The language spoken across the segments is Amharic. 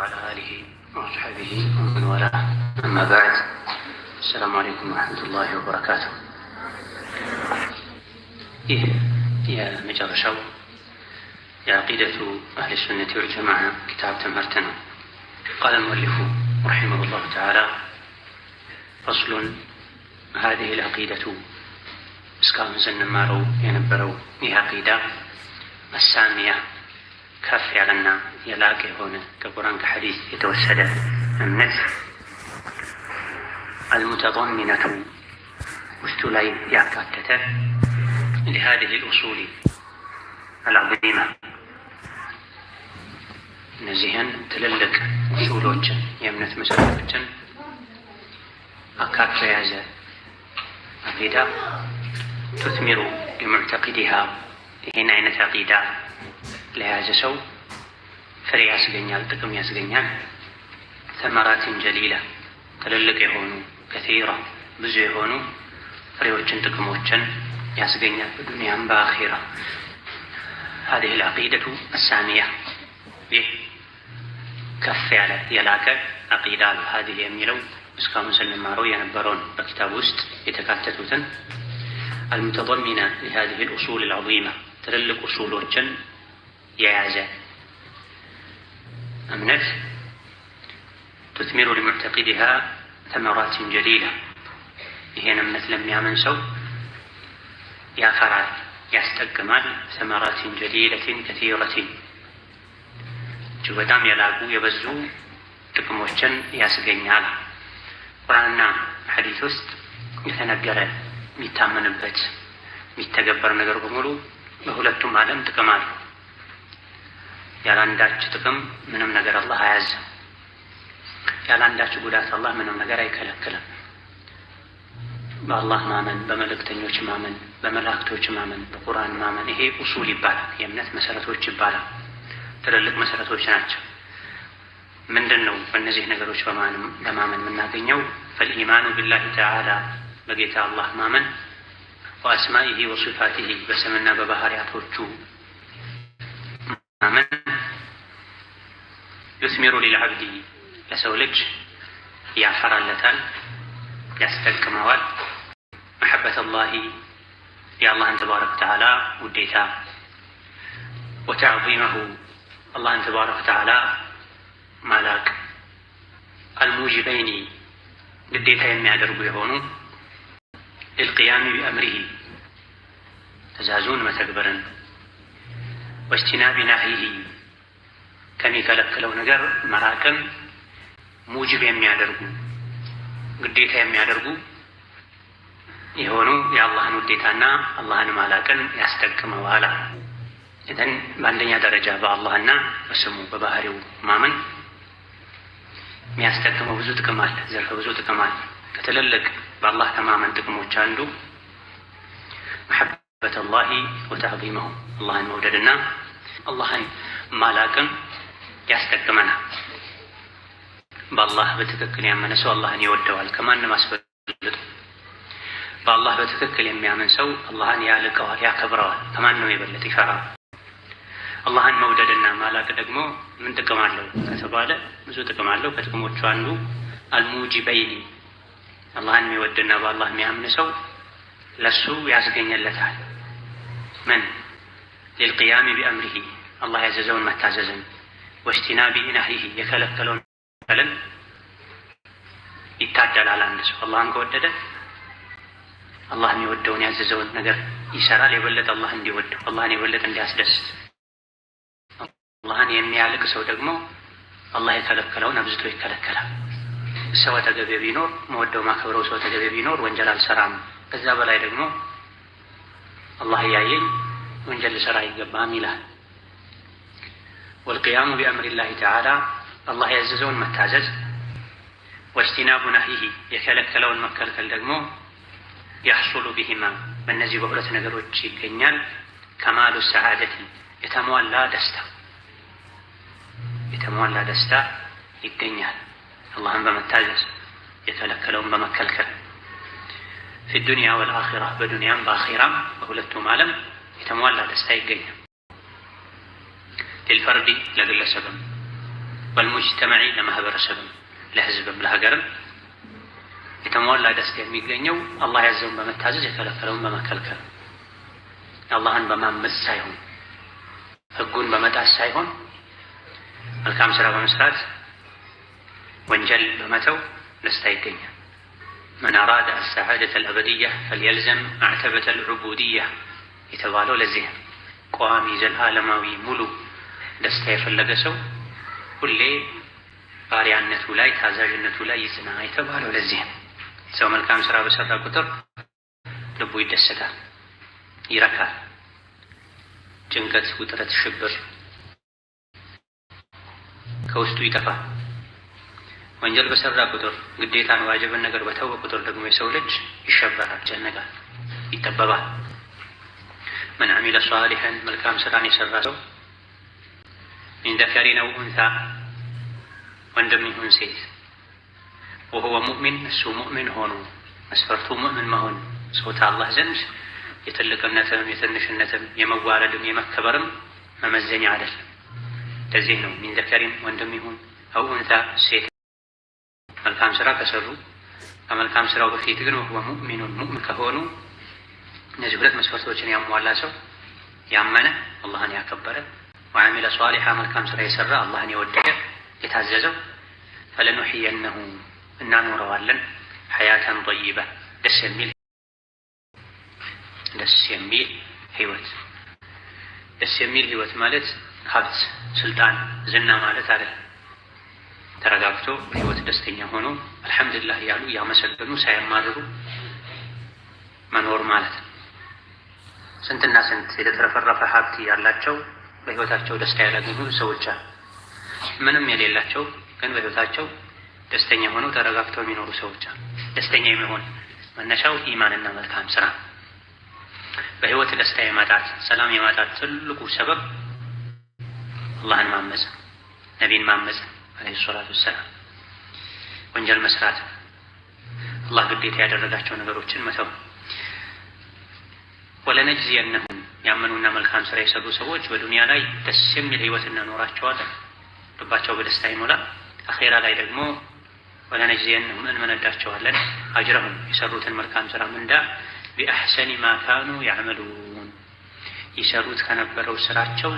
وعلى آله وأصحابه ومن والاه أما بعد السلام عليكم ورحمة الله وبركاته إيه يا مجال شو يا عقيدة أهل السنة والجماعة كتاب تمرتنا قال المؤلف رحمه الله تعالى فصل هذه العقيدة اسكام مارو ينبرو هي عقيدة السامية كافية لنا يلاك هنا كقرآن كحديث يتوسد النسح المتضمنة مستلين يا لهذه الأصول العظيمة نزيها تللك أصول وجن يمنة مسألة وجن أكاك فيازة عقيدة تثمر لمعتقدها هنا عين تعقيدة لهذا سوء ፍሬ ያስገኛል፣ ጥቅም ያስገኛል። ተመራትን ጀሊላ ትልልቅ የሆኑ ከቴራ ብዙ የሆኑ ፍሬዎችን ጥቅሞችን ያስገኛል በዱንያም በአኼራ። ሀዚህ ልዐቂደቱ አሳሚያ ይህ ከፍ ያለ የላቀ አቂዳ ነው። ሀዚህ የሚለው እስካሁን ስንማረው የነበረውን በኪታብ ውስጥ የተካተቱትን አልሙተضሚና ሊሀዚህ ልኡሱል ልዐዚማ ትልልቅ ኡሱሎችን የያዘ እምነት ቱትሚሩ ሊሙዕተቂድሃ ተመራትን ጀሊላ ይሄን እምነት ለሚያምን ሰው ያፈራል፣ ያስጠቅማል። ተመራትን ጀሊለትን ከቲረትን እጅግ በጣም የላቁ የበዙ ጥቅሞችን ያስገኛል። ቁርአንና ሐዲስ ውስጥ የተነገረ የሚታመንበት የሚተገበር ነገር በሙሉ በሁለቱም ዓለም ጥቅም አለው። ያላንዳች ጥቅም ምንም ነገር አላህ አያዝም። ያላንዳች ጉዳት አላህ ምንም ነገር አይከለክልም። በአላህ ማመን፣ በመልእክተኞች ማመን፣ በመላእክቶች ማመን፣ በቁርአን ማመን ይሄ ኡሱል ይባላል። የእምነት መሰረቶች ይባላል። ትልልቅ መሰረቶች ናቸው። ምንድን ነው በእነዚህ ነገሮች በማመን የምናገኘው? ፈልኢማኑ ቢላሂ ተዓላ በጌታ አላህ ማመን፣ ወአስማኢሂ ወሲፋቲሂ በስምና በባህሪያቶቹ ማመን يثمر للعبد لسو يا حرالتان يا سفلك موال محبة الله يا الله تبارك وتعالى وديتا وتعظيمه الله تبارك وتعالى مالك الموجبين لديتا يمي أدرب يهونو للقيام بأمره تزازون ما تكبرن واجتناب ناهيه ከሚከለክለው ነገር መራቅን ሙጅብ የሚያደርጉ ግዴታ የሚያደርጉ የሆኑ የአላህን ውዴታና አላህን ማላቅን ያስጠቅመዋል። ይህን በአንደኛ ደረጃ በአላህና በስሙ በባህሪው ማመን የሚያስጠቅመው ብዙ ጥቅም አለ፣ ዘርፈ ብዙ ጥቅም አለ። ከትልልቅ በአላህ ከማመን ጥቅሞች አንዱ መሐበት አላሂ ወተዕዚመሁ አላህን መውደድና አላህን ማላቅን ያስጠቅመናል። በአላህ በትክክል ያመነ ሰው አላህን ይወደዋል ከማንም አስበልጦ። በአላህ በትክክል የሚያምን ሰው አላህን ያልቀዋል፣ ያከብረዋል ከማንም የበለጠ ይፈራል። አላህን መውደድና ማላቅ ደግሞ ምን ጥቅም አለው ከተባለ ብዙ ጥቅም አለው። ከጥቅሞቹ አንዱ አልሙጂበይኒ አላህን የሚወድና በአላህ የሚያምን ሰው ለሱ ያስገኘለታል ምን ሊልቅያሚ ቢአምሪሂ አላህ ያዘዘውን መታዘዝን ወስቲና ቢኢናሂ የከለከለውን ከልል ይታደላል። አንድ ሰው አላህን ከወደደ አላህ የሚወደውን ያዘዘውን ነገር ይሰራል። የበለጠ አላህ እንዲወደው አላህን የበለጠ እንዲያስደስት አላህን የሚያልቅ ሰው ደግሞ አላህ የከለከለውን አብዝቶ ይከለከላል። ሰው አጠገቤ ቢኖር መወደው ማከብረው ሰው አጠገቤ ቢኖር ወንጀል አልሰራም፣ ከዛ በላይ ደግሞ አላህ እያየኝ ወንጀል ልሰራ አይገባም ይላል። والقيام بأمر الله تعالى الله يعززون ما تعزز واجتناب نهيه يخلك لو المكر كالدقمو يحصل بهما من نزي بغلة نقر كمال السعادة يتموى لا دستا يتموى لا دستا يقنيال اللهم بما تعزز يخلك لو في الدنيا والآخرة بدنيا باخرة بغلة مالا يتموى لا دستا يقنيال للفرد لقل سبب والمجتمع لما هبر سبب له سبب له قرن يتمولى دست يوم الله عز وجل بمتازج يكلفلهم بما كلكل الله ان بما مسايهم ህጉን በመጣት ሳይሆን መልካም ስራ በመስራት وانجل በመተው ደስታ ይገኛል መን አራደ አሳዓደተ ልአበድያ ፈልየልዘም አዕተበተ ልዑቡድያ የተባለው ለዚህ ቋሚ ዘል አለማዊ ሙሉ ደስታ የፈለገ ሰው ሁሌ ባሪያነቱ ላይ ታዛዥነቱ ላይ ይጽና የተባለው ለዚህ ሰው መልካም ስራ በሰራ ቁጥር ልቡ ይደሰታል፣ ይረካል። ጭንቀት፣ ውጥረት፣ ሽብር ከውስጡ ይጠፋል። ወንጀል በሰራ ቁጥር ግዴታን ዋጅብን ነገር በተወ ቁጥር ደግሞ የሰው ልጅ ይሸበራል፣ ይጨነቃል፣ ይጠበባል። መን አሚለ ሷሊሐን መልካም ስራን የሰራ ሰው ሚን ዘከሪን አው ኡንሳ ወንድም ይሁን ሴት ወሁወ ሙእሚን እሱ ሙእሚን ሆኑ መስፈርቱ ሙእሚን መሆን ጾታ አላህ ዘንድ የትልቅነትም የትንሽነትም የመዋረድም የመከበርም መመዘኛ አይደለም። ለዚህ ነው ሚን ዘከሪን ወንድም ይሁን አው ኡንሳ ሴት መልካም ስራ ከሰሩ ከመልካም ስራው በፊት ግን ወሁወ ሙእሚኑን ሙእሚን ከሆኑ እነዚህ ሁለት መስፈርቶችን ያሟላ ሰው ያመነ አላህን ያከበረ ወአሚለ ሷሊሐ መልካም ስራ የሰራ አላህን የወደደ የታዘዘው ፈለኑሕየነሁ እናኖረዋለን ሀያተን ጠይባ ደስ የሚል ደስ የሚል ህይወት ደስ የሚል ህይወት ማለት ሀብት፣ ስልጣን፣ ዝና ማለት አይደለም። ተረጋግቶ ህይወት ደስተኛ ሆኖ አልሐምዱሊላህ እያሉ እያመሰገኑ ሳያማርሩ መኖር ማለት ነው። ስንትና ስንት የተትረፈረፈ ሀብት ያላቸው በህይወታቸው ደስታ ያላገኙ ሰዎች አሉ። ምንም የሌላቸው ግን በህይወታቸው ደስተኛ ሆነው ተረጋግተው የሚኖሩ ሰዎች አሉ። ደስተኛ የሚሆን መነሻው ኢማንና መልካም ስራ። በህይወት ደስታ የማጣት ሰላም የማጣት ትልቁ ሰበብ አላህን ማመፅ፣ ነቢን ማመፅ አለይሂ ሰላቱ ወሰላም፣ ወንጀል መስራት፣ አላህ ግዴታ ያደረጋቸው ነገሮችን መተው ወለነጅዚየነሁም ያመኑና መልካም ስራ የሰሩ ሰዎች በዱንያ ላይ ደስ የሚል ህይወት እናኖራቸዋለን። ልባቸው በደስታ ይሞላል። አኼራ ላይ ደግሞ ወለነጅዚየነሁም እንመነዳቸዋለን አጅረሁም የሰሩትን መልካም ስራ ምንዳ ቢአሕሰኒ ማ ካኑ ያዕመሉን ይሰሩት ከነበረው ስራቸው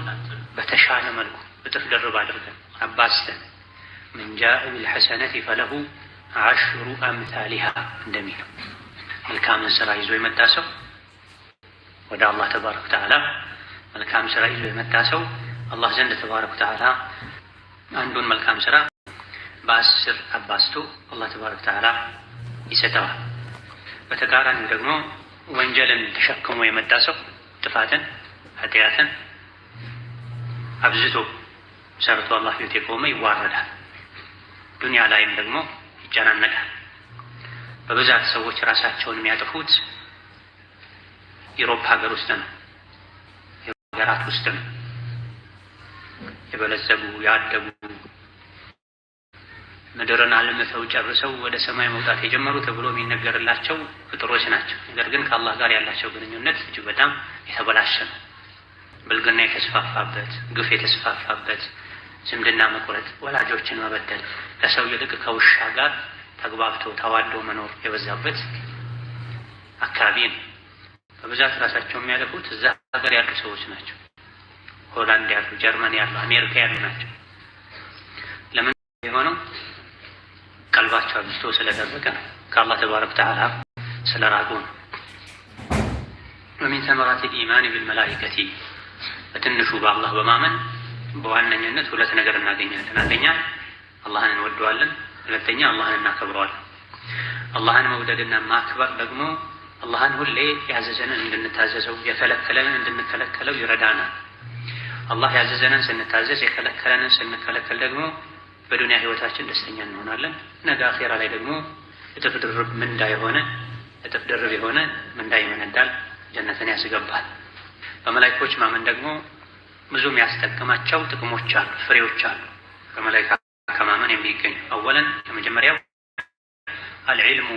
በተሻለ መልኩ እጥፍ ደርብ አድርገን አባስተን መንጃእ ቢልሐሰነት ፈለሁ አሽሩ አምታሊሃ እንደሚለው መልካምን ስራ ይዞ የመጣ ሰው ወደ አላህ ተባረክ ወተዓላ መልካም ስራ ይዞ የመጣ ሰው አላህ ዘንድ ተባረክ ወተዓላ አንዱን መልካም ስራ በአስር አባስቶ አላህ ተባረክ ወተዓላ ይሰጠዋል። በተቃራኒው ደግሞ ወንጀልን ተሸክሞ የመጣ ሰው ጥፋትን፣ ኃጢአትን አብዝቶ ሰርቶ አላህ ፊት የቆመ ይዋረዳል። ዱንያ ላይም ደግሞ ይጨናነቃል። በብዛት ሰዎች ራሳቸውን የሚያጥፉት ኢሮፕ ሀገር ውስጥ ነው፣ ሀገራት ውስጥ ነው። የበለጸጉ ያደጉ ምድርን አልምተው ጨርሰው ወደ ሰማይ መውጣት የጀመሩ ተብሎ የሚነገርላቸው ፍጥሮች ናቸው። ነገር ግን ከአላህ ጋር ያላቸው ግንኙነት እጅግ በጣም የተበላሸ ነው። ብልግና የተስፋፋበት፣ ግፍ የተስፋፋበት፣ ዝምድና መቁረጥ፣ ወላጆችን መበደል፣ ከሰው ይልቅ ከውሻ ጋር ተግባብቶ ተዋዶ መኖር የበዛበት አካባቢ ነው። በብዛት ራሳቸው የሚያለፉት እዛ ሀገር ያሉ ሰዎች ናቸው። ሆላንድ ያሉ፣ ጀርመን ያሉ፣ አሜሪካ ያሉ ናቸው። ለምን የሆነው ቀልባቸው አብዝቶ ስለደረቀ ነው። ከአላህ ተባረክ ተዓላ ስለ ራቁ ነው። ወሚን ተመራት ኢማን ቢልመላኢከቲ በትንሹ በአላህ በማመን በዋነኝነት ሁለት ነገር እናገኛለን። አንደኛ አላህን እንወደዋለን፣ ሁለተኛ አላህን እናከብረዋለን። አላህን መውደድና ማክበር ደግሞ አላህን ሁሌ ያዘዘንን እንድንታዘዘው የከለከለንን እንድንከለከለው ይረዳናል። አላህ ያዘዘንን ስንታዘዝ፣ የከለከለንን ስንከለከል ደግሞ በዱንያ ህይወታችን ደስተኛ እንሆናለን። ነገ አኼራ ላይ ደግሞ እጥፍ ድርብ ምንዳ የሆነ እጥፍ ድርብ የሆነ ምንዳ ይመነዳል፣ ጀነትን ያስገባል። በመላይኮች ማመን ደግሞ ብዙ የሚያስጠቅማቸው ጥቅሞች አሉ፣ ፍሬዎች አሉ በመላይካ ከማመን የሚገኙ አወለን፣ ከመጀመሪያው አልዕልሙ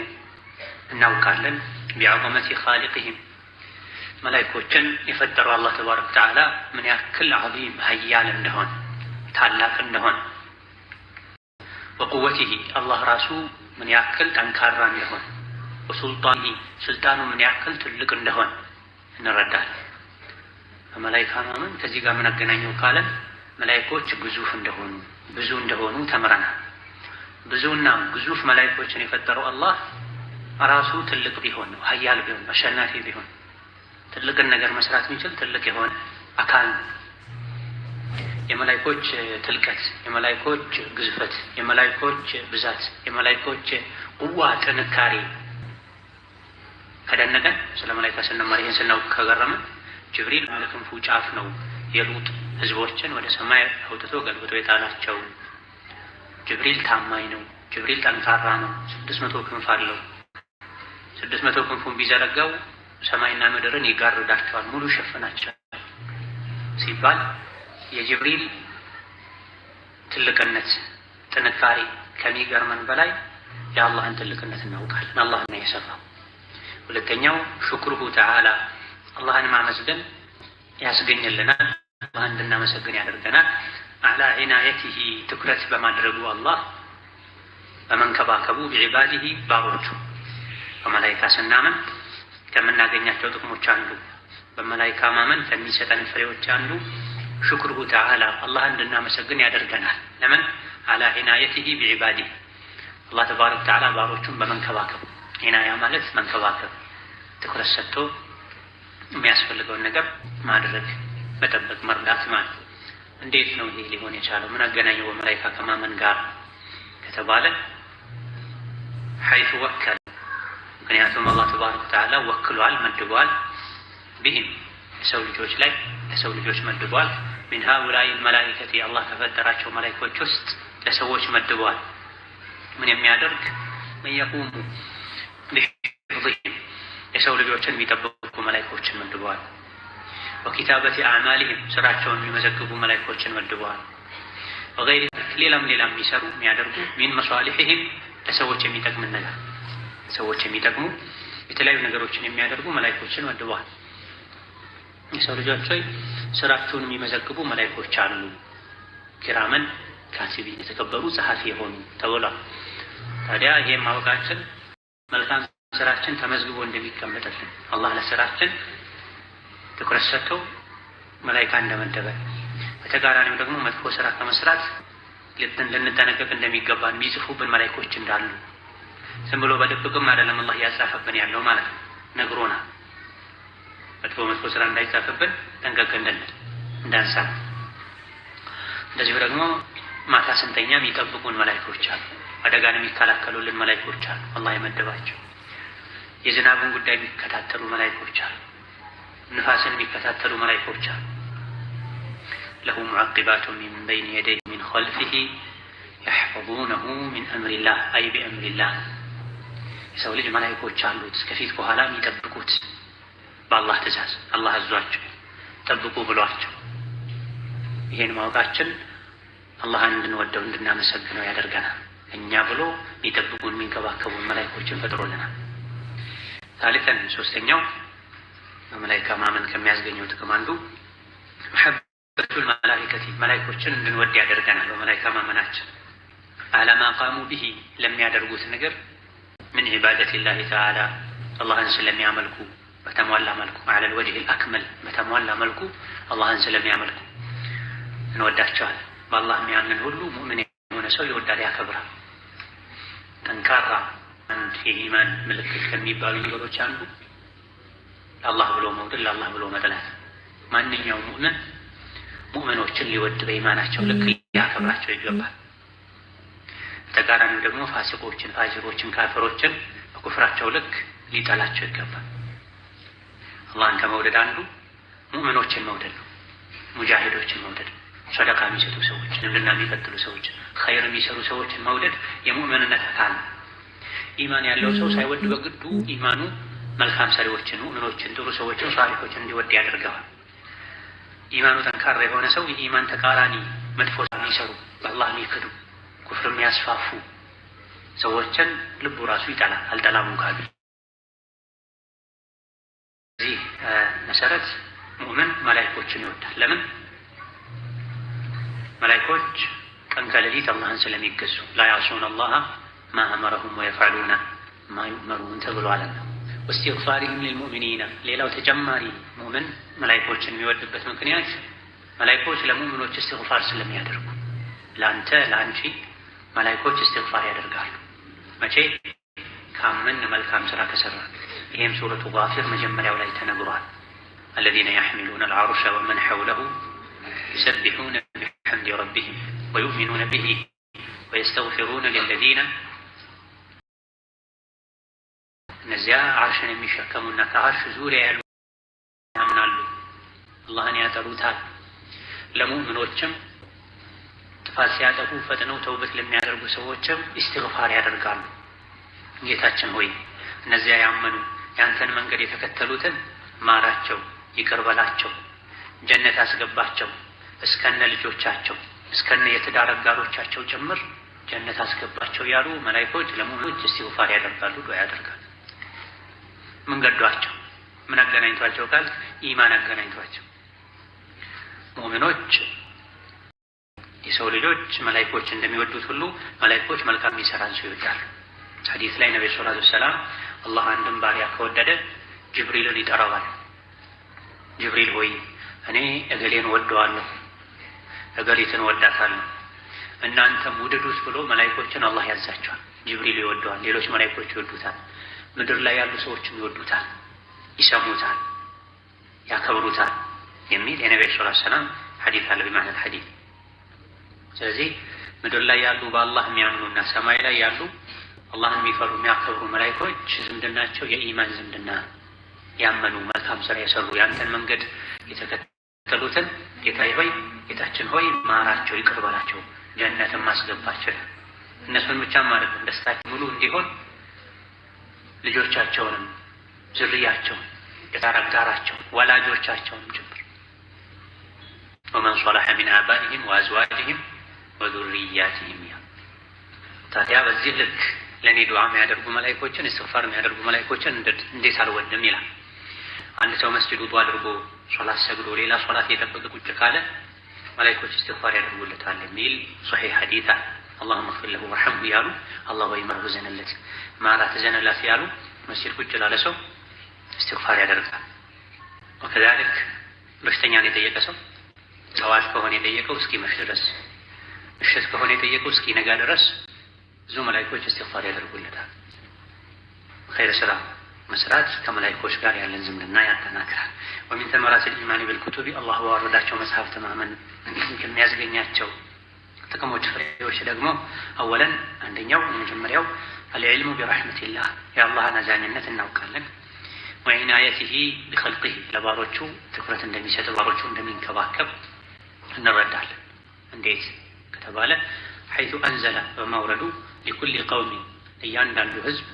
እናውቃለን ቢዐዘመቲ ኻሊቅህም መላይኮችን የፈጠረው አላህ ተባረከ ወተዓላ ምን ያክል ዐዚም ሀያል እንደሆነ ታላቅ እንደሆነ ወቁወቲሂ አላህ ራሱ ምን ያክል ጠንካራ እንደሆነ ወሱልጣኒ ስልጣኑ ምን ያክል ትልቅ እንደሆነ እንረዳለን። በመላይካ ማመን ከዚህ ጋር ምን አገናኘው ካለን መላይኮች ግዙፍ እንደሆኑ ብዙ እንደሆኑ ተምረናል። ብዙና ግዙፍ መላይኮችን የፈጠረው አላህ ራሱ ትልቅ ቢሆን ነው፣ ሀያል ቢሆን አሸናፊ ቢሆን ትልቅን ነገር መስራት የሚችል ትልቅ የሆነ አካል ነው። የመላይኮች ትልቀት፣ የመላይኮች ግዝፈት፣ የመላይኮች ብዛት፣ የመላይኮች ቁዋ ጥንካሬ ከደነቀን ስለ መላይካ ስንማር ይህን ስናውቅ ከገረመን ጅብሪል ክንፉ ጫፍ ነው የሉጥ ህዝቦችን ወደ ሰማይ አውጥቶ ገልብጦ የጣላቸው። ጅብሪል ታማኝ ነው። ጅብሪል ጠንካራ ነው። ስድስት መቶ ክንፍ አለው። ስድስት መቶ ክንፉን ቢዘረጋው ሰማይና ምድርን ይጋርዳቸዋል፣ ሙሉ ይሸፍናቸዋል ሲባል የጅብሪል ትልቅነት ጥንካሬ ከሚገርመን በላይ የአላህን ትልቅነት እናውቃለን። አላህ ነው የሰራው። ሁለተኛው ሹክሩሁ ተዓላ አላህን ማመስገን ያስገኝልናል። አላህ እንድናመሰግን ያደርገናል። አላ ዒናየቲሂ ትኩረት በማድረጉ አላህ በመንከባከቡ ቢዕባዲሂ ባሮቹ በመላይካ ስናመን ከምናገኛቸው ጥቅሞች አንዱ በመላይካ ማመን ከሚሰጠን ፍሬዎች አንዱ ሹክሩ ተዓላ አላህ እንድናመሰግን ያደርገናል። ለምን አላ ዒናየቲሂ ቢዒባዲ አላህ ተባረክ ወተዓላ ባሮቹን በመንከባከብ ዒናያ ማለት መንከባከብ፣ ትኩረት ሰጥቶ የሚያስፈልገውን ነገር ማድረግ፣ መጠበቅ፣ መርዳት ማለት እንዴት ነው ይሄ ሊሆን የቻለው? ምን አገናኘው በመላይካ ከማመን ጋር ከተባለ ሐይቱ ወከል ምክንያቱም አላህ ተባረከ ወተዓላ ወክሏል፣ መድቧል። ቢህም የሰው ልጆች ላይ ለሰው ልጆች መድቧል። ሚን ሀኡላኢ መላኢከቲ አላህ ከፈጠራቸው መላኢኮች ውስጥ ለሰዎች መድቧል። ምን የሚያደርግ ምን የቁሙ ቢሒፍዚሂም የሰው ልጆችን የሚጠብቁ መላኢኮችን መድቧል። ወኪታበት አዕማሊሂም ስራቸውን የሚመዘግቡ መላኢኮችን መድቧል። ወገይሪ ሌላም ሌላም የሚሰሩ የሚያደርጉ ሚን መሷሊሒሂም ለሰዎች የሚጠቅምን ነገር ሰዎች የሚጠቅሙ የተለያዩ ነገሮችን የሚያደርጉ መላይኮችን መድበዋል። የሰው ልጆች ሆይ ስራችሁን የሚመዘግቡ መላይኮች አሉ፣ ኪራመን ካቲቢን የተከበሩ ጸሐፊ የሆኑ ተብሏል። ታዲያ ይህም ማወቃችን መልካም ስራችን ተመዝግቦ እንደሚቀመጥልን አላህ ለስራችን ትኩረት ሰጥተው መላይካ እንደመደበ በተቃራኒው ደግሞ መጥፎ ስራ ከመስራት ልንጠነቀቅ እንደሚገባን የሚጽፉብን መላይኮች እንዳሉ ዝም ብሎ በድብቅም አይደለም አላህ እያጻፈብን ያለው ማለት ነው። ነግሮና መጥፎ መጥፎ ስራ እንዳይጻፍብን ጠንቀቅ እንድንል እንዳንሳ። እንደዚሁ ደግሞ ማታ ስንተኛ የሚጠብቁን መላይኮች አሉ። አደጋን የሚከላከሉልን መላይኮች አሉ። አላህ የመደባቸው የዝናቡን ጉዳይ የሚከታተሉ መላይኮች አሉ። ንፋስን የሚከታተሉ መላይኮች አሉ። ለሁ ሙዓቂባቱ ሚን በይን የደይህ ሚን ኸልፊሂ ያሕፈዙነሁ الله አምሪላህ አይ الله የሰው ልጅ መላይኮች አሉት ከፊት ከኋላ የሚጠብቁት በአላህ ትእዛዝ አላህ አዟቸው ጠብቁ ብሏቸው። ይሄን ማወቃችን አላህን እንድንወደው እንድናመሰግነው ያደርገናል። እኛ ብሎ የሚጠብቁን የሚንከባከቡን መላይኮችን ፈጥሮልናል። ታሊተን ሶስተኛው በመላይካ ማመን ከሚያስገኘው ጥቅም አንዱ መሐበቱል መላይከቲ መላይኮችን እንድንወድ ያደርገናል። በመላይካ ማመናችን አለማቃሙ ብሂ ለሚያደርጉት ነገር ምን ዒባደት ላሂ ተዓላ አላህን ስለሚያመልኩ በተሟላ መልኩ አለል ወጅህ አክመል በተሟላ መልኩ አላህን ስለሚያመልኩ እንወዳቸዋለን። በአላህ የሚያምን ሁሉ ሙእምን የሆነ ሰው ይወዳል፣ ያከብራል። ጠንካራ አንድ የኢማን ምልክት ከሚባሉ ነገሮች አንዱ ለአላህ ብሎ መውደድ፣ ለአላህ ብሎ መጥላት። ማንኛውም ሙእምን ሙእምኖችን ሊወድ በኢማናቸው ልክ ሊያከብራቸው ይገባል። በተቃራኒው ደግሞ ፋሲቆችን፣ ፋጅሮችን፣ ካፈሮችን በኩፍራቸው ልክ ሊጠላቸው ይገባል። አላህን ከመውደድ አንዱ ሙእምኖችን መውደድ ነው። ሙጃሂዶችን መውደድ፣ ሰደቃ የሚሰጡ ሰዎች፣ ንብልና የሚቀጥሉ ሰዎች፣ ኸይር የሚሰሩ ሰዎችን መውደድ የሙእምንነት አካል ነው። ኢማን ያለው ሰው ሳይወድ በግዱ ኢማኑ መልካም ሰሪዎችን፣ ሙእምኖችን፣ ጥሩ ሰዎችን፣ ሷሊሖችን እንዲወድ ያደርገዋል። ኢማኑ ጠንካራ የሆነ ሰው የኢማን ተቃራኒ መጥፎ የሚሰሩ በአላህ የሚክዱ ኩፍር የሚያስፋፉ ሰዎችን ልቡ ራሱ ይጠላል። አልጠላሙ ካል እዚህ መሰረት ሙእምን መላይኮችን ይወዳል። ለምን? መላይኮች ቀን ከሌሊት አላህን ስለሚገዙ ላያሱን አላህ ማ አመረሁም ወየፍዓሉነ ማ ዩእመሩን ተብሏልና ወእስቲግፋሪህም ልልሙእሚኒነ ሌላው ተጨማሪ ሙእምን መላይኮችን የሚወድበት ምክንያት መላይኮች ለሙእምኖች እስትግፋር ስለሚያደርጉ ለአንተ ለአንቺ መላይኮች እስትግፋር ያደርጋሉ። መቼ ካመን መልካም ስራ ከሰራ። ይህም ሱረቱ ጋፊር መጀመሪያው ላይ ተነግሯል። አለዚነ ያሕሚሉነ አልዓርሸ ወመን ሐውለሁ ዩሰቢሑነ ቢሐምድ ረቢህም ወዩእሚኑነ ብሂ ወየስተግፊሩነ ሊለዚነ እነዚያ አርሽን የሚሸከሙና ከአርሽ ዙሪያ ያሉ ያምናሉ፣ አላህን ያጠሩታል። ለሙእምኖችም ጥፋት ሲያጠፉ ፈጥነው ተውበት ለሚያደርጉ ሰዎችም ኢስትግፋር ያደርጋሉ። ጌታችን ሆይ እነዚያ ያመኑ ያንተን መንገድ የተከተሉትን ማራቸው፣ ይቅርበላቸው፣ ጀነት አስገባቸው፣ እስከነ ልጆቻቸው እስከነ የትዳር አጋሮቻቸው ጭምር ጀነት አስገባቸው ያሉ መላይኮች ለሙእሚኖች ኢስትግፋር ያደርጋሉ፣ ዱዓ ያደርጋሉ። ምን ገዷቸው? ምን አገናኝቷቸው? ቃል ኢማን አገናኝቷቸው ሙእሚኖች የሰው ልጆች መላይኮች እንደሚወዱት ሁሉ መላይኮች መልካም የሚሰራን ሰው ይወዳል። ሐዲስ ላይ ነቢ ሰላቱ ሰላም አላህ አንድም ባሪያ ከወደደ ጅብሪልን ይጠራዋል። ጅብሪል ሆይ እኔ እገሌን ወደዋለሁ፣ እገሊትን ወዳታለሁ፣ እናንተም ውደዱት ብሎ መላይኮችን አላህ ያዛቸዋል። ጅብሪል ይወደዋል፣ ሌሎች መላይኮች ይወዱታል፣ ምድር ላይ ያሉ ሰዎችም ይወዱታል፣ ይሰሙታል፣ ያከብሩታል የሚል የነቢ ሰላቱ ሰላም ሐዲስ አለ። ቢማዕነት ሐዲስ ስለዚህ ምድር ላይ ያሉ በአላህ የሚያምኑ እና ሰማይ ላይ ያሉ አላህን የሚፈሩ የሚያከብሩ መላይኮች ዝምድናቸው የኢማን ዝምድና ያመኑ መልካም ስራ የሰሩ ያንተን መንገድ የተከተሉትን ጌታ ሆይ ጌታችን ሆይ ማራቸው፣ ይቅር በላቸው፣ ጀነትን ማስገባቸው እነሱን ብቻም ማለት ነው። ደስታቸው ሙሉ እንዲሆን ልጆቻቸውንም፣ ዝርያቸውን፣ የጋራ አጋራቸውን፣ ወላጆቻቸውንም ጭምር ወመን ሷለሐ ሚን አባኢሂም ወአዝዋጅሂም ወዙርያቲ የሚያ ታዲያ በዚህ ልክ ለእኔ ዱዓ የሚያደርጉ መላይኮችን እስትግፋር የሚያደርጉ መላይኮችን እንዴት አልወድም ይላል። አንድ ሰው መስጅድ ውዱ አድርጎ ሶላት ሰግዶ ሌላ ሶላት እየጠበቀ ቁጭ ካለ መላይኮች እስትግፋር ያደርጉለታል የሚል ሶሒህ ሐዲት አለ። አላሁመ ግፊር ለሁ ወርሐምሁ እያሉ አላህ ወይ መርሁ ዘንለት ማራ ተዘነላት ያሉ መስጅድ ቁጭ ላለ ሰው እስትግፋር ያደርጋል። ወከዛልክ በሽተኛን የጠየቀ ሰው ጠዋት ከሆነ የጠየቀው እስኪመሽ ድረስ ምሽት ከሆነ የጠየቁ እስኪ ነጋ ድረስ ብዙ መላይኮች እስትግፋር ያደርጉለታል። ኸይር ስራ መስራት ከመላይኮች ጋር ያለን ዝምድና ያጠናክራል። ወሚን ተመራት ልኢማን ብልኩቱቢ አላህ በዋረዳቸው መጽሐፍ ተማመን ከሚያስገኛቸው ጥቅሞች ፍሬዎች ደግሞ አወለን አንደኛው የመጀመሪያው አልዕልሙ ቢረሕመቲላህ የአላህን አዛኝነት እናውቃለን። ወዒናየትህ ቢኸልቅህ ለባሮቹ ትኩረት እንደሚሰጥ ባሮቹ እንደሚንከባከብ እንረዳለን። እንዴት ከተባለ ሐይቱ አንዘላ በማውረዱ ሊኩል ቀውሚን እያንዳንዱ ህዝብ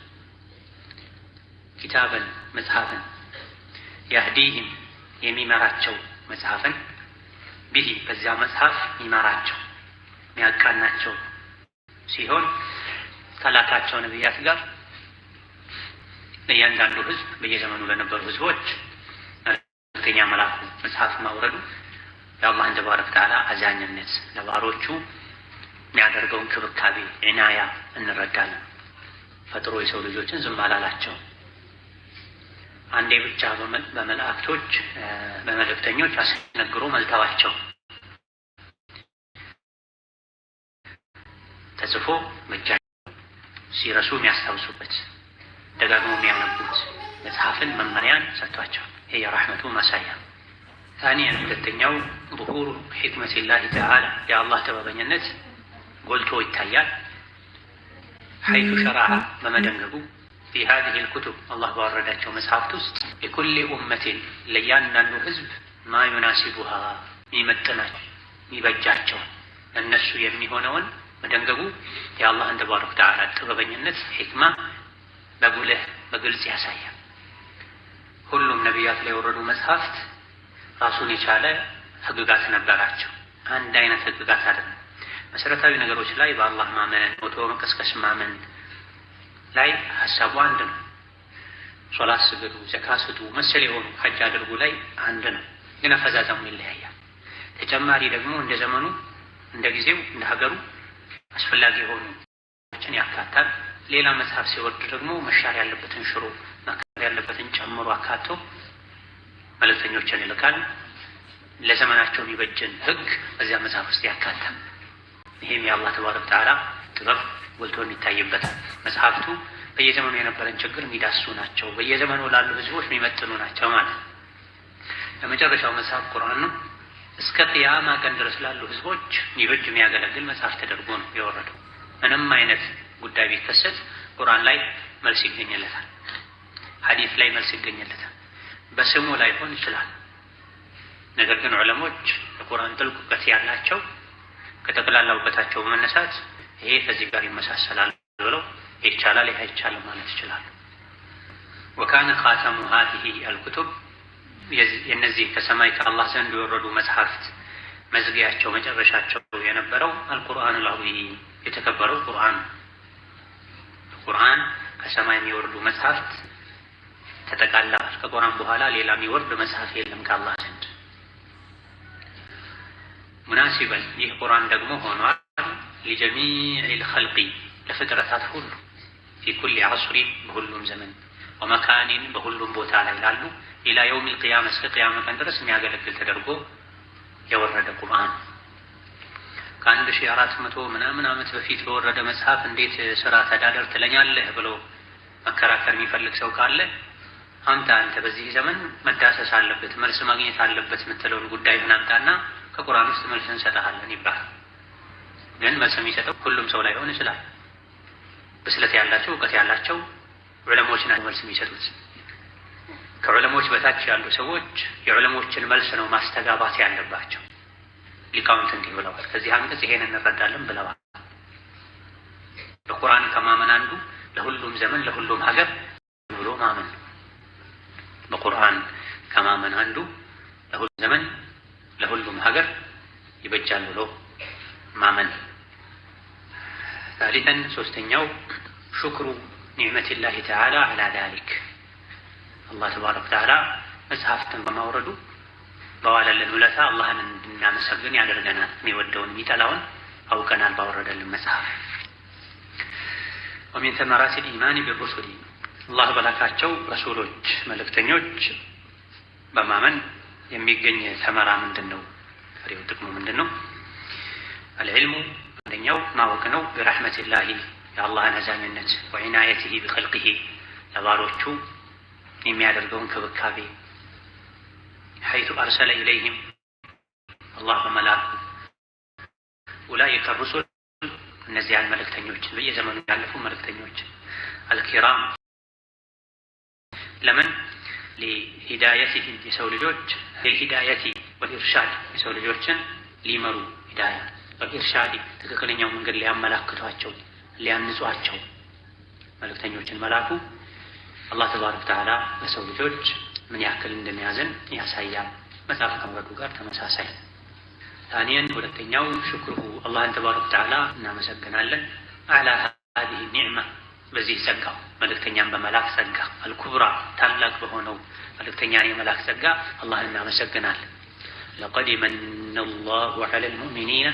ኪታበን መጽሐፍን ያህዲህም የሚመራቸው መጽሐፍን ቢሂ በዚያ መጽሐፍ ሚመራቸው የሚያቃናቸው ሲሆን ከላካቸው ነቢያት ጋር እያንዳንዱ ህዝብ በየዘመኑ ለነበሩ ህዝቦች መልእክተኛ መላኩ መጽሐፍ ማውረዱ የአላህን ተባረክ ተዓላ አዛኝነት ለባሮቹ የሚያደርገውን ክብካቤ ዒናያ እንረዳለን። ፈጥሮ የሰው ልጆችን ዝም አላላቸው። አንዴ ብቻ በመላእክቶች በመልእክተኞች አስነግሮ መልተዋቸው ተጽፎ ብቻ ሲረሱ የሚያስታውሱበት ደጋግሞ የሚያነቡት መጽሐፍን መመሪያን ሰጥቷቸው ይህ የራሕመቱ ማሳያ ታኒያ ሁለተኛው ቡሁሩ ሒክመት ላሂ ተዓላ የአላህ ጥበበኝነት ጎልቶ ይታያል። ሐይቱ ሸራሃ በመደንገቡ ፊ ሀዚህ ልኩቱብ አላህ ባወረዳቸው መጽሐፍት ውስጥ የኩሌ ኡመቴን ለእያንዳንዱ ህዝብ ማ ዩናሲቡሃ የሚመጥናቸው የሚበጃቸውን እነሱ የሚሆነውን መደንገጉ የአላህን ተባረክ ተዓላ ጥበበኝነት ሒክማ በጉልህ በግልጽ ያሳያል። ሁሉም ነቢያት ላይ የወረዱ መጽሐፍት ራሱን የቻለ ህግጋት ነበራቸው። አንድ አይነት ህግጋት አይደለም። መሰረታዊ ነገሮች ላይ በአላህ ማመን፣ ሞቶ መቀስቀስ ማመን ላይ ሀሳቡ አንድ ነው። ሶላት ስግዱ ዘካ ስጡ፣ መሰል የሆኑ ሀጅ አድርጉ ላይ አንድ ነው፣ ግን አፈዛዛሙ ይለያያል። ተጨማሪ ደግሞ እንደ ዘመኑ፣ እንደ ጊዜው፣ እንደ ሀገሩ አስፈላጊ የሆኑ ችን ያካታል። ሌላ መጽሐፍ ሲወርድ ደግሞ መሻር ያለበትን ሽሮ መካር ያለበትን ጨምሮ አካቶ መልእክተኞችን ይልካል። ለዘመናቸው የሚበጅን ህግ በዚያ መጽሐፍ ውስጥ ያካታል። ይህም የአላህ ተባረከ ወተዓላ ጥበብ ጎልቶ የሚታይበት መጽሐፍቱ በየዘመኑ የነበረን ችግር የሚዳሱ ናቸው። በየዘመኑ ላሉ ህዝቦች የሚመጥኑ ናቸው ማለት ነው። ለመጨረሻው መጽሐፍ ቁርአን ነው። እስከ ቅያማ ቀን ድረስ ላሉ ህዝቦች የሚበጅ የሚያገለግል መጽሐፍ ተደርጎ ነው የወረደው። ምንም አይነት ጉዳይ ቢከሰት ቁርአን ላይ መልስ ይገኝለታል። ሀዲስ ላይ መልስ ይገኝለታል። በስሙ ላይ ሆን ይችላል። ነገር ግን ዑለሞች የቁርአን ጥልቅ እውቀት ያላቸው ከጠቅላላ እውቀታቸው መነሳት ይሄ ከዚህ ጋር ይመሳሰላል ብለው ይቻላል፣ ይህ አይቻልም ማለት ይችላሉ። ወካነ ኻተሙ ሀዚህ አልኩቱብ የነዚህ ከሰማይ ከአላህ ዘንድ የወረዱ መጽሐፍት መዝጊያቸው መጨረሻቸው የነበረው አልቁርአን አልዓዚም የተከበረው ቁርአን ቁርአን ከሰማይ የሚወርዱ መጽሐፍት ተጠቃላል። ከቁርአን በኋላ ሌላ የሚወርድ መጽሐፍ የለም ከአላህ ዘንድ ሙናሲበን ይህ ቁርአን ደግሞ ሆኗል ሊጀሚዕል ኸልቂ ለፍጥረታት ሁሉ ፊ ኩል በሁሉም ዘመን ወመካኒን በሁሉም ቦታ ላይ ላሉ ኢላ የውሚል ቅያማ እስከ ቅያመ ቀን ድረስ የሚያገለግል ተደርጎ የወረደ ቁርአን ከአንድ ሺህ አራት መቶ ምናምን ዓመት በፊት በወረደ መጽሐፍ እንዴት ስራ ተዳደር ትለኛለህ ብሎ መከራከር የሚፈልግ ሰው ካለ አንተ አንተ በዚህ ዘመን መዳሰስ አለበት መልስ ማግኘት አለበት የምትለውን ጉዳይ ምናምጣና ከቁርአን ውስጥ መልስ እንሰጠሃለን ይባላል። ግን መልስ የሚሰጠው ሁሉም ሰው ላይሆን ይችላል። ብስለት ያላቸው እውቀት ያላቸው ዑለሞች ናቸው መልስ የሚሰጡት። ከዑለሞች በታች ያሉ ሰዎች የዑለሞችን መልስ ነው ማስተጋባት ያለባቸው። ሊቃውንት እንዲህ ብለዋል፣ ከዚህ አንቀጽ ይሄን እንረዳለን ብለዋል። በቁርአን ከማመን አንዱ ለሁሉም ዘመን ለሁሉም ሀገር ብሎ ማመን ነው። በቁርአን ከማመን አንዱ ለሁሉም ዘመን ለሁሉም ሀገር ይበጃል ብሎ ማመን። ታሊተን ሶስተኛው ሹክሩ ኒዕመቲላሂ ተዓላ አላ ዛሊክ አላህ ተባረከ ወተዓላ መጽሐፍትን በማውረዱ በዋለልን ውለታ አላህን እንድናመሰግን ያደርገናል። የሚወደውን የሚጠላውን አውቀናል ባወረደልን መጽሐፍ። ወሚን ተመራሲል ኢማኒ ቢሩሱሊ አላህ በላካቸው ረሱሎች መልእክተኞች በማመን የሚገኝ ሰመራ ምንድን ነው? ፍሬው ጥቅሙ ምንድን ነው? አልዕልሙ አንደኛው ማወቅ ነው። ብረሕመቲላሂ የአላህን አዛኝነት ወዒናየትሂ ቢኸልቅሂ ለባሮቹ የሚያደርገውን ክብካቤ ሐይቱ አርሰለ ኢለይህም አላህ በመላኩ ኡላኢከ ሩሱል እነዚያን መልእክተኞችን በየዘመኑ ያለፉ መልእክተኞች አልኪራም ለምን ሊሂዳየቲህ የሰው ልጆች ሊሂዳየቲ ወልኢርሻድ የሰው ልጆችን ሊመሩ ሂዳያ በኢርሻድ ትክክለኛው መንገድ ሊያመላክቷቸው ሊያንጿቸው መልእክተኞችን መላኩ አላህ ተባረክ ተዓላ በሰው ልጆች ምን ያክል እንደሚያዝን ያሳያል። መጽሐፍ ከመውረዱ ጋር ተመሳሳይ። ታኒየን ሁለተኛው ሽኩርሁ አላህን ተባረክ ተዓላ እናመሰግናለን አላ ሀዚህ ኒዕማ በዚህ ጸጋ መልእክተኛን በመላክ ጸጋ አልኩብራ ታላቅ በሆነው መልእክተኛን የመላክ ጸጋ አላህን እናመሰግናለን። ለቀድ መነ ላሁ ዐላ ልሙእሚኒና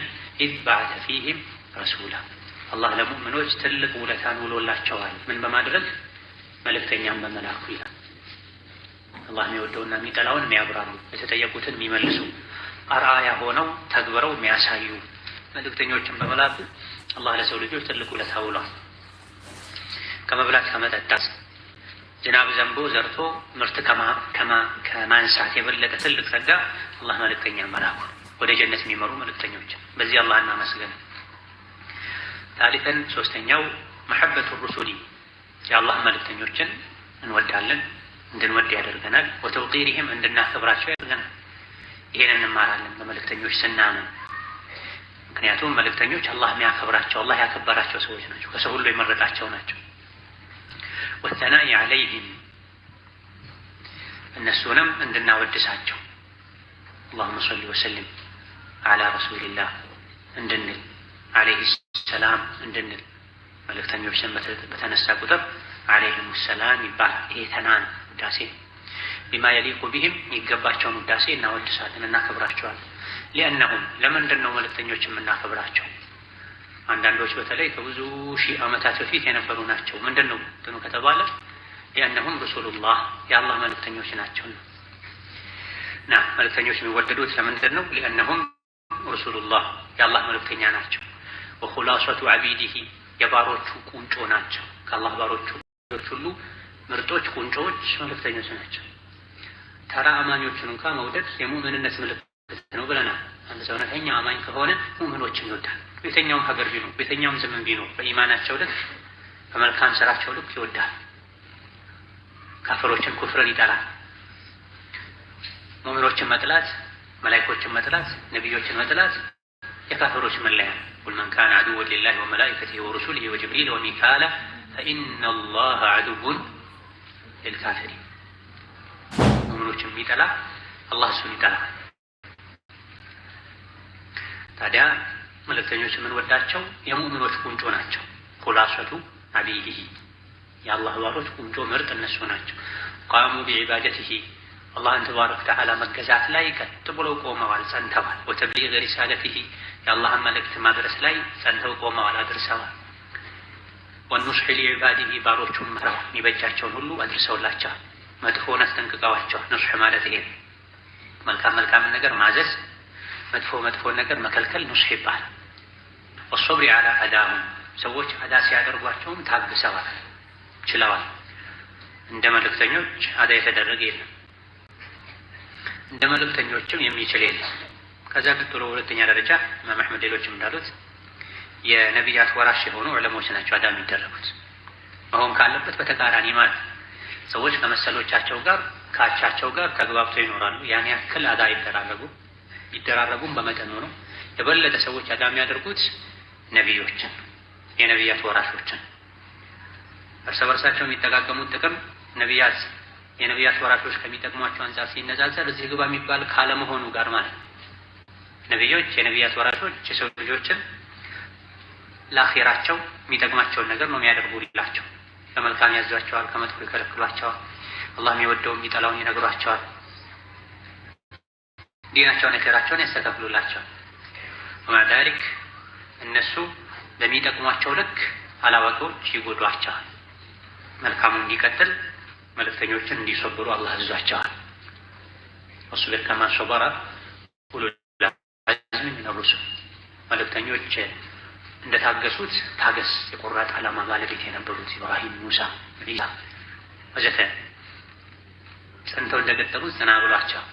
ኢዝ በዐተ ፊህም ረሱላ አላህ ለሙእምኖች ትልቅ ውለታን ውሎላቸዋል። ምን በማድረግ መልእክተኛን በመላኩ ይላል። አላህ የሚወደውና የሚጠላውን የሚያብራሩ፣ የተጠየቁትን የሚመልሱ፣ አርአያ ሆነው ተግብረው የሚያሳዩ መልእክተኞችን በመላክ አላህ ለሰው ልጆች ትልቅ ውለታ ውሏል። ከመብላት ከመጠጣት ዝናብ ዘንቦ ዘርቶ ምርት ከማንሳት የበለጠ ትልቅ ጸጋ አላህ መልእክተኛ መላኩ ወደ ጀነት የሚመሩ መልእክተኞች በዚህ አላህ እናመስገን። ታሊተን ሶስተኛው መሐበቱ ሩሱሊ የአላህ መልእክተኞችን እንወዳለን እንድንወድ ያደርገናል። ወተውቂሪህም እንድናከብራቸው ያደርገናል። ይሄን እንማራለን በመልእክተኞች ስናምን። ምክንያቱም መልእክተኞች አላህ የሚያከብራቸው አላህ ያከበራቸው ሰዎች ናቸው። ከሰው ሁሉ የመረጣቸው ናቸው። ወሰናኢ ዓለይህም እነሱንም እንድናወድሳቸው አላሁመ ሰሊ ወሰልም አላ ረሱሊላህ እንድንል ዓለይህ ሰላም እንድንል መልእክተኞችን በተነሳ ቁጥር ዓለይህም ሰላም ይባላል። ይሄ ተናን ውዳሴ ቢማ የሊቁ ቢህም የሚገባቸውን ውዳሴ እናወድሳለን፣ እናከብራቸዋለን። ሊአነሁም ለምንድን ነው መልእክተኞች የምናከብራቸው? አንዳንዶች በተለይ ከብዙ ሺህ ዓመታት በፊት የነበሩ ናቸው። ምንድን ነው እንትኑ ከተባለ ሊአነሁም ሩሱሉላህ የአላህ መልእክተኞች ናቸው ነው እና መልእክተኞች የሚወደዱት ለምንድን ነው? ሊአነሁም ረሱሉላህ የአላህ መልእክተኛ ናቸው። ወኹላሷቱ አቢዲሂ የባሮቹ ቁንጮ ናቸው። ከአላህ ባሮቹ ሁሉ ምርጦች ቁንጮዎች መልእክተኞች ናቸው። ተራ አማኞቹን እንኳ መውደድ የሙእምንነት ምልክት ነው ብለናል። አንድ ሰው እውነተኛ አማኝ ከሆነ ሙእምኖችን ይወዳል። በየትኛውም ሀገር ቢኖ በየትኛውም ዘመን ቢኖ በኢማናቸው ልክ በመልካም ስራቸው ልክ ይወዳል። ካፈሮችን ኩፍርን ይጠላል። ሙሚኖችን መጥላት፣ መላይኮችን መጥላት፣ ነቢዮችን መጥላት የካፈሮች መለያ ቁል መን ካነ አዱወ ሊላሂ ወመላኢከቲሂ ወሩሱሊሂ ወጅብሪል ወሚካኤል ፈኢነ ላሀ አድውን ልልካፊሪን። ሙሚኖችን የሚጠላ አላህ እሱን ይጠላል። ታዲያ መልእክተኞች የምንወዳቸው የሙእምኖች ቁንጮ ናቸው። ኩላሰቱ አቢይህ የአላህ ባሮች ቁንጮ ምርጥ እነሱ ናቸው። ቃሙ ቢዒባደትህ አላህን ተባረክ ተዓላ መገዛት ላይ ቀጥ ብሎ ቆመዋል፣ ጸንተዋል። ወተብሊግ ሪሳለትህ የአላህን መልእክት ማድረስ ላይ ጸንተው ቆመዋል፣ አድርሰዋል። ወኑስሒ ሊዒባዲህ ባሮቹን መራ የሚበጃቸውን ሁሉ አድርሰውላቸዋል። መጥፎውን አስጠንቅቀዋቸዋል። ኑስሕ ማለት ይሄ መልካም መልካምን ነገር ማዘዝ፣ መጥፎ መጥፎን ነገር መከልከል ኑስሕ ይባላል። ወሶብሪ አላ አዳሁም ሰዎች አዳ ሲያደርጓቸውም ታግሰዋል፣ ችለዋል። እንደ መልእክተኞች አዳ የተደረገ የለም፣ እንደ መልእክተኞችም የሚችል የለም። ከዛ ቀጥሎ ሁለተኛ ደረጃ ኢማም አሕመድ ሌሎችም እንዳሉት የነቢያት ወራሽ የሆኑ ዕለሞች ናቸው አዳ የሚደረጉት። መሆን ካለበት በተቃራኒ ማለት ሰዎች ከመሰሎቻቸው ጋር ካቻቸው ጋር ተግባብተው ይኖራሉ። ያን ያክል አዳ ይደራረጉ ይደራረጉም በመጠኑ ነው። የበለጠ ሰዎች አዳ የሚያደርጉት ነቢዮችን፣ የነቢያት ወራሾችን እርስ በርሳቸው የሚጠቃቀሙት ጥቅም ነቢያት የነቢያት ወራሾች ከሚጠቅሟቸው አንጻር ሲነጻጸር እዚህ ግባ የሚባል ካለመሆኑ ጋር ማለት ነው። ነቢዮች የነቢያት ወራሾች የሰው ልጆችን ለአኼራቸው የሚጠቅማቸውን ነገር ነው የሚያደርጉላቸው። ለመልካም ያዟቸዋል፣ ከመጥፎ ይከለክሏቸዋል። አላህ የሚወደው የሚጠላውን ይነግሯቸዋል። ዲናቸውን፣ አኼራቸውን ያስተካክሉላቸዋል። ማዳሪክ እነሱ በሚጠቅሟቸው ልክ አላዋቂዎች ይጎዷቸዋል። መልካሙ እንዲቀጥል መልእክተኞችን እንዲሰብሩ አላህ አዟቸዋል። ወስቢር ከማ ሰበረ ኡሉል ዐዝሚ ሚነ ሩሱል መልእክተኞች እንደታገሱት ታገስ። የቆራጥ ዓላማ ባለቤት የነበሩት ኢብራሂም፣ ሙሳ፣ ዒሳ ወዘተ ጸንተው እንደቀጠሉት ጽና ብሏቸው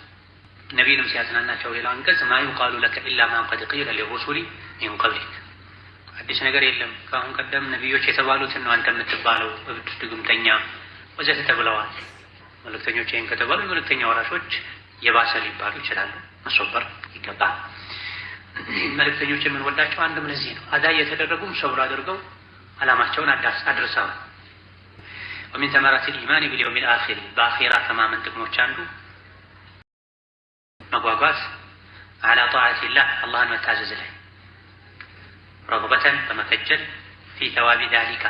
ነቢይንም ሲያጽናናቸው ሌላ አንቀጽ ማ ዩቃሉ ለከ ኢላ ማ ቀድ ቂለ ሊሩሱሊ ሚን አዲስ ነገር የለም ከአሁን ቀደም ነቢዮች የተባሉትን ነው አንተ የምትባለው እብድ፣ ድግምተኛ ወዘተ ተብለዋል። መልእክተኞች ይህን ከተባሉ የመልእክተኛ ወራሾች የባሰ ሊባሉ ይችላሉ። ማስወበር ይገባል። መልእክተኞች የምንወዳቸው አንድም ለዚህ ነው። አዳይ የተደረጉም ሰብር አድርገው ዓላማቸውን አድርሰው ወሚን ተመራት ልኢማን ቢልየውም ልአኪር በአኼራ ከማመን ጥቅሞች አንዱ መጓጓት አላ ጣዓት ላህ አላህን መታዘዝ ላይ ረግበተን በመከጀል ፊ ተዋቢ ዳሊካ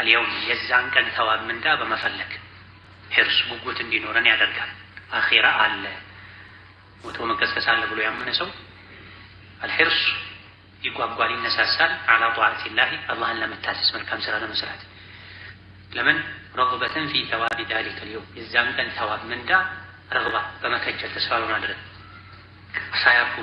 አልየውም የዛን ቀን ተዋብ ምንዳ በመፈለግ ሂርስ ጉጉት እንዲኖረን ያደርጋል። አኼራ አለ ሞቶ መቀስቀስ አለ ብሎ ያመነ ሰው አልሂርስ ይጓጓል፣ ይነሳሳል። አላ ጧዓቲላሂ አላህን ለመታዘዝ መልካም ስራ ለመስራት ለምን ረግበተን ፊ ተዋቢ ዳሊካ አልየውም የዛን ቀን ተዋብ ምንዳ ረግባ በመከጀል ተስፋ አድረግ ሳያቁ